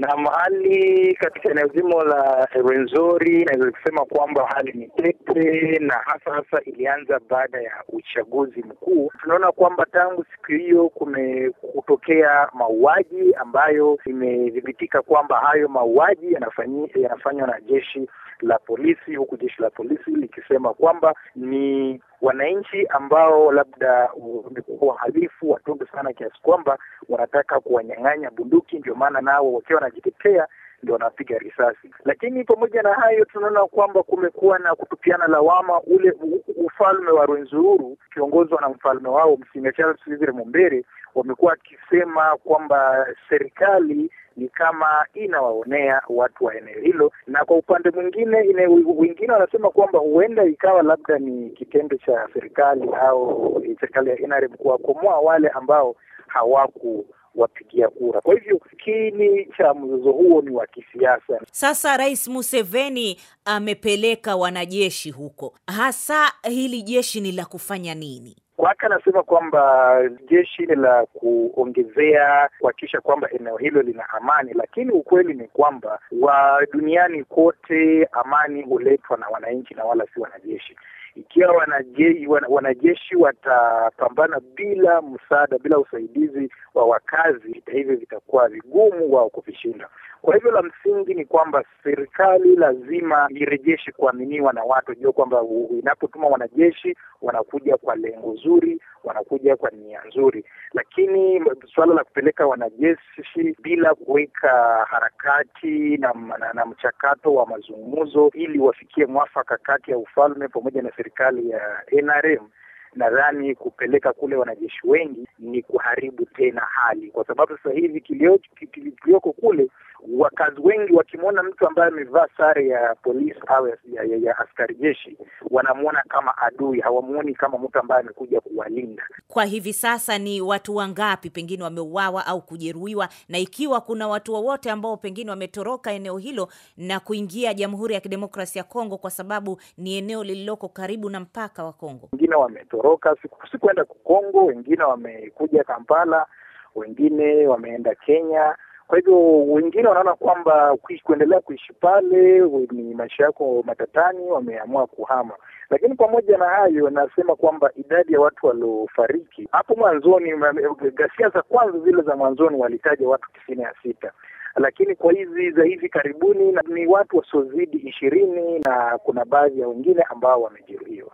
na mahali katika eneo zima la Rwenzori, naweza kusema kwamba hali ni tete, na hasa hasa ilianza baada ya uchaguzi mkuu. Tunaona kwamba tangu siku hiyo kumekutokea mauaji ambayo imethibitika kwamba hayo mauaji yanafanywa na jeshi la polisi, huku jeshi la polisi likisema kwamba ni wananchi ambao labda wamekuwa wahalifu watundu sana kiasi kwamba wanataka kuwanyang'anya bunduki, ndio maana nao wakiwa wanajitetea ndio wanapiga risasi. Lakini pamoja na hayo, tunaona kwamba kumekuwa na kutupiana lawama ule ufalme wa Rwenzururu ukiongozwa na mfalme wao Msinga Charles Mumbere, wamekuwa wakisema kwamba serikali ni kama inawaonea watu wa eneo hilo, na kwa upande mwingine, wengine wanasema kwamba huenda ikawa labda ni kitendo cha serikali au serikali ya NRM kuwakomoa wale ambao hawaku wapigia kura. Kwa hivyo kini cha mzozo huo ni wa kisiasa. Sasa Rais Museveni amepeleka wanajeshi huko, hasa hili jeshi ni la kufanya nini? Kwake anasema kwamba jeshi ni la kuongezea kuhakikisha kwamba eneo hilo lina amani, lakini ukweli ni kwamba wa duniani kote amani huletwa na wananchi na wala si wanajeshi ikiwa wanajeshi, wanajeshi watapambana bila msaada, bila usaidizi wa wakazi, vita hivyo vitakuwa vigumu wao kuvishinda. Kwa hivyo la msingi ni kwamba serikali lazima irejeshe kuaminiwa na watu, jua kwamba inapotuma wanajeshi wanakuja kwa lengo zuri, wanakuja kwa nia nzuri, lakini suala la kupeleka wanajeshi bila kuweka harakati na, na, na mchakato wa mazungumzo ili wafikie mwafaka kati ya ufalme pamoja na serikali ya NRM nadhani kupeleka kule wanajeshi wengi ni kuharibu tena hali, kwa sababu sasa hivi kilio kilioko kule wakazi wengi wakimwona mtu ambaye amevaa sare ya polisi au ya, ya, ya, ya askari jeshi wanamwona kama adui, hawamwoni kama mtu ambaye amekuja kuwalinda. Kwa hivi sasa ni watu wangapi pengine wameuawa au kujeruhiwa, na ikiwa kuna watu wowote ambao pengine wametoroka eneo hilo na kuingia Jamhuri ya Kidemokrasia ya Kongo, kwa sababu ni eneo lililoko karibu na mpaka wa Kongo? Wengine wametoroka sikuenda ku Kongo, wengine wamekuja Kampala, wengine wameenda Kenya. Kwa hivyo wengine wanaona kwamba kuendelea kuishi pale ni maisha yako matatani, wameamua kuhama. Lakini pamoja na hayo, nasema kwamba idadi ya watu waliofariki hapo mwanzoni, ghasia za kwanza zile za mwanzoni walitaja watu tisini na sita lakini kwa hizi za hivi karibuni ni watu wasiozidi ishirini na kuna baadhi ya wengine ambao wamejeruhiwa.